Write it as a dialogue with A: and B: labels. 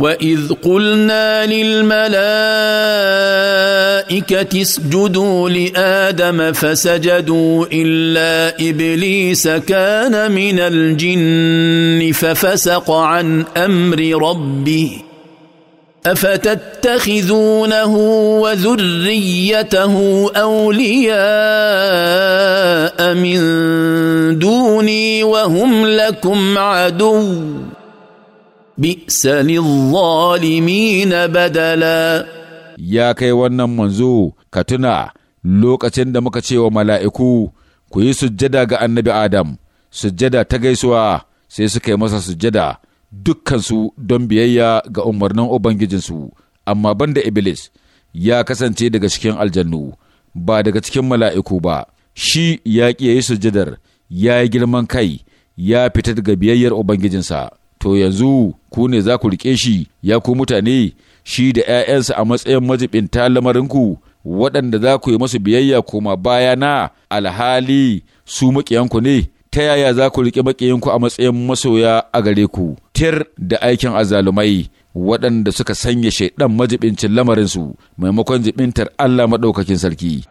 A: واذ قلنا للملائكه اسجدوا لادم فسجدوا الا ابليس كان من الجن ففسق عن امر ربه افتتخذونه وذريته اولياء من دوني وهم لكم عدو بئس للظالمين بدلا
B: يا kai wannan manzo ka tuna lokacin da muka ce wa mala'iku ku yi sujjada ga annabi Adam sujjada ta gaisuwa sai suka yi masa sujjada dukkansu don biyayya ga umarnin ubangijinsu amma banda iblis ya kasance daga cikin aljannu ba daga cikin mala'iku ba shi ya ƙi yi sujjadar ya yi girman kai ya fita daga biyayyar ubangijinsa to yanzu ku ne za ku riƙe shi ya ku mutane shi da ‘ya'yansa a matsayin majibinta lamarinku waɗanda za ku yi masu biyayya koma baya na alhali su maƙiyanku ne ta yaya za ku riƙe maƙiyanku a matsayin masoya a gare ku tir da aikin azalumai waɗanda suka sanya shaidan majibincin lamarinsu maimakon jibintar Allah maɗaukakin sarki.